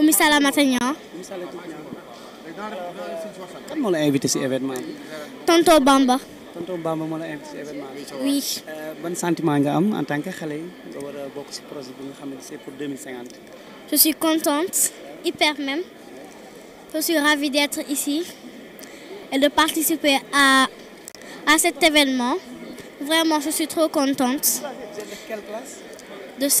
Oumy Salamata Niang. kan moo la invité si événement bi. tonton Bamba. tonton Bamba moo la invité si oui. Euh, ban sentiment nga am en tant que xale yi a bokk si projet bi nga xam ne c'est pour 2050. je suis contente hyper même je suis ravie d'être ici et de participer à à cet événement vraiment je suis trop contente. de quelle classe.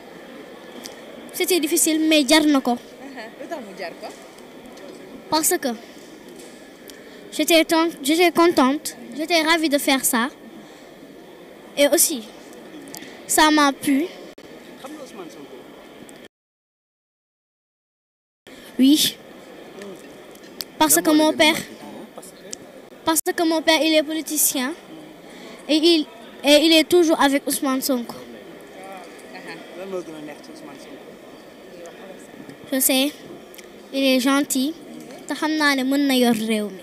c'était difficile mais jar na ko. parce que j'étais tente j'étais contente j'étais ravie de faire ça et aussi ça m'a plu. oui hmm. parce que mon père parce que mon père il est politicien et il et il est toujours avec Ousmane Sonko. Ah, ah. José il est gentil te xam naa ne mën na yor réew mi.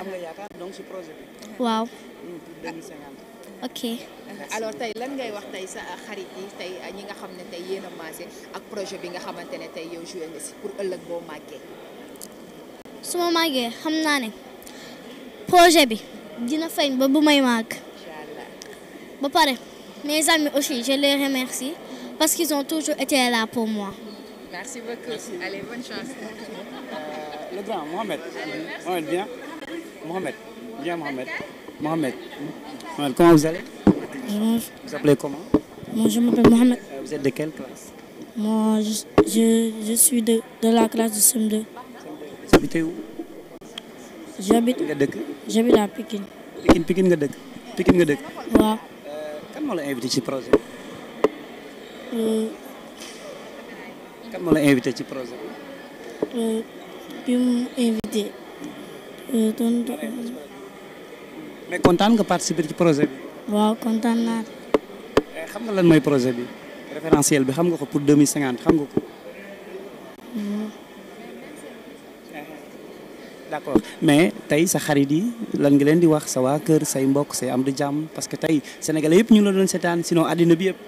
am nga donc ci projet bi. waaw. Ah, ok. alors tey lan ngay wax tey sa xarit yi tey ñi nga xam ne tey yéen a maase ak projet bi nga xamante ne tey yow joué nga si pour ëllëg boo màggee. su ma màggee xam naa ne projet bi dina feeñ ba bu may màgg. ba pare mes amis aussi je les remercie parce qu'ils ont toujours été là pour moi. Merci beaucoup. Merci. Allez, bonne chance. Euh, le grand, Mohamed. Allez, merci Mohamed, viens. Mohamed, viens Mohamed. Mohamed. Mohamed, comment vous allez? Vous euh, vous appelez comment? Moi, je m'appelle Mohamed. Euh, vous êtes Moi, je je, je suis de, la classe du CM2. Vous habitez où? J'habite. nga dëkk. J'habite à Pikine. Pikine euh, la invité kan moo la invité ci projet bi. Euh, bi mu invité. Euh, tonton. nga participer ci projet bi. waaw kontaan naa eh, xam nga lan mooy projet bi. référentiel bi xam nga ko pour deux mille cinquante xam nga ko. Eh, d'accord mais tey sa xarit yi lan nga leen di wax sa waa kër say mbokk say am di jàmm parce que tey sénégalais yëpp ñu la doon seetaan sinon àddina bi yëpp.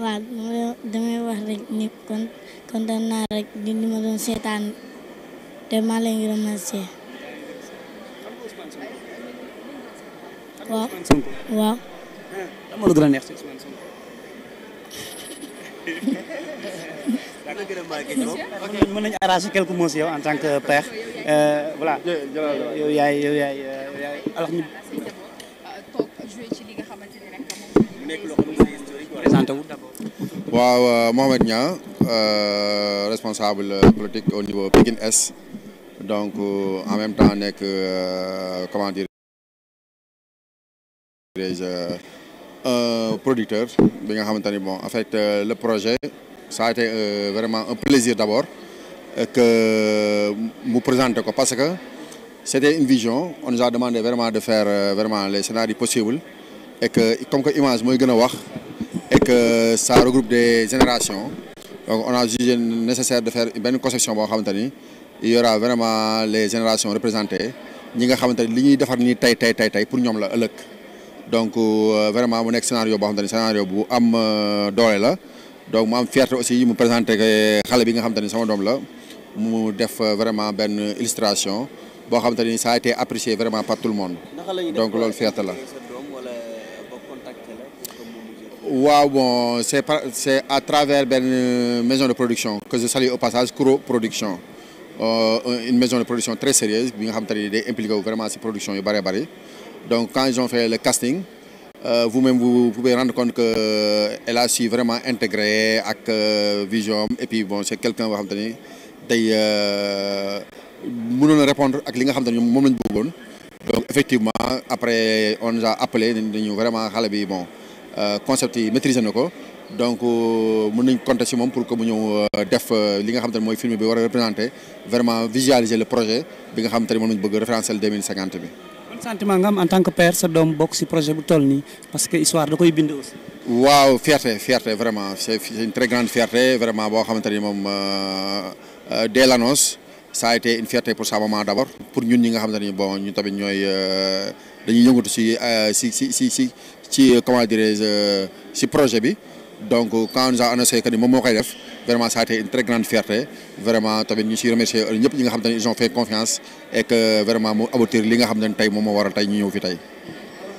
waaw damay wax rek ni kon kontaan rek di li ma doon seetaan te maa leen eh, ngi remercier waaw nañu arranger quelques mots yow en tant que père euh, voilà yow yaay yow yaay yow euh, yaay présenté wu d'abord. waaw euh, Mohamed Niang euh, responsable politique au niveau Pikine Est donc euh, en même temps nekk comment dire producteur bi nga xamante ni bon en fait le projet ça a été vraiment un plaisir d'abord que mu présenter ko parce que c'était une vision on nous a demandé vraiment de faire vraiment les scénarios possibles et que comme que image mooy gën a wax et que ça regroupe des générations donc on a jugé nécessaire de faire benn conception boo xamante ni il y aura vraiment les générations représentées ñi nga xamante ni li ñuy defar nii tey tey tey tey pour ñoom la ëllëg donc euh, vraiment mu nekk scénario boo xamante ni scénario bu am euh, doole la donc mu am fierté aussi mu présenté xale bi nga xamante ni sama doom la mu def euh, vraiment benn illustration boo xamante ni ça a été vraiment par tout le monde donc loolu fierté la waaw bon c'est c'est à travers benn maison de production que je salue au passage Kuro Production euh, une maison de production très sérieuse bi nga xam te ne day impliqué wu vraiment ci production yu bëree bëri donc quand ils ont fait le casting euh, vous-même vous pouvez rendre compte que euh, elle a su vraiment intégrer ak euh, vision et puis bon c'est quelqu'un boo xam te ni tey mënoon répondre ak li nga xam te ne moom lañ bëggoon donc effectivement après on nous a appelé dañu vraiment xale bi Euh, concept yi maîtriser na ko donc euh, mën nañ compter ci moom pour que mu ñëw euh, def li nga xam te ne mooy film bi war a représenter vraiment visualiser le projet bi nga xam te ne moom lañ bëgg référentiel 2050 bi. ban sentiment nga en tant que père sa doom bokk ci projet bu toll nii parce que histoire da koy bind aussi. waaw fierté fierté vraiment c'est une très grande fierté vraiment boo xamante ni moom dès l'annonce ça a été une fierté pour sa maman d'abord pour ñun ñi nga xam ne bon ñu tamit ñooy euh, dañuy yëngatu si si si si si ci euh, euh, comment si projet bi donc quand on nous a annoncé moom moo koy def vraiment ça a été une très grande fierté vraiment tamit ñu si remercier ñëpp ñi nga xam ne ils ont fait confiance et que vraiment mu aboutir li nga xam ne tey moom moo waral tey ñu ñëw fi tey.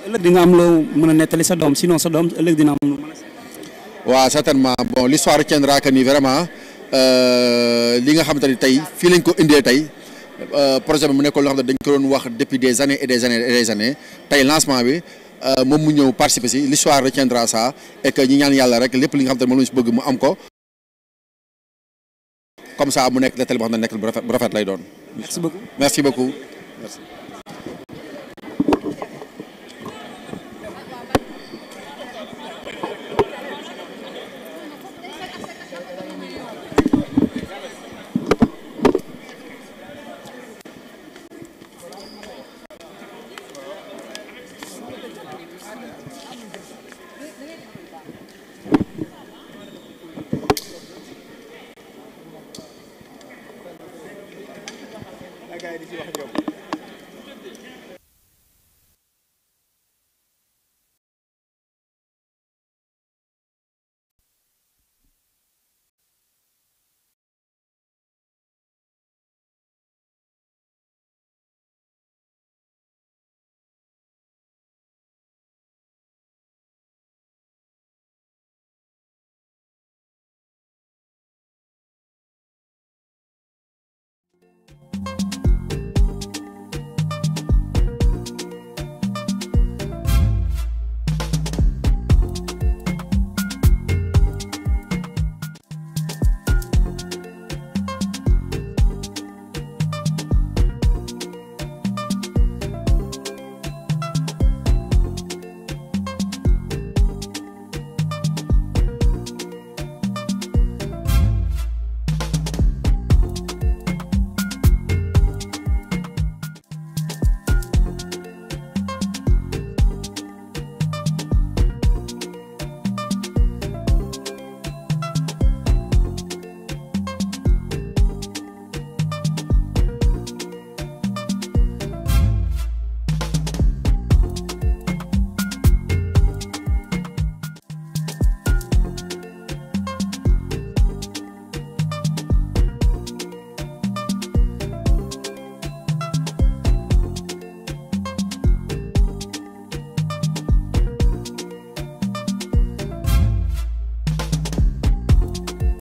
ëllëg di nga am loo mën a nettali sa doom sinon sa doom ëllëg dina a. waaw certainement bon l'histoire retiendra que ni Euh, li nga xamante ni tey fii lañ ko indee tey euh, projet bi mu nekkoon loo xam ne dañ ko doon wax depuis des années et des années et des années tey lancement bi euh, moom mu ñëw participer si l'histoire retiendra ça et que ñi ñaan yàlla rek lépp li nga xam ne moom lañ si bëgg mu am ko comme ça mu nekk la télé boo xam ne nekk bu rafet bu rafet lay doon merci merci beaucoup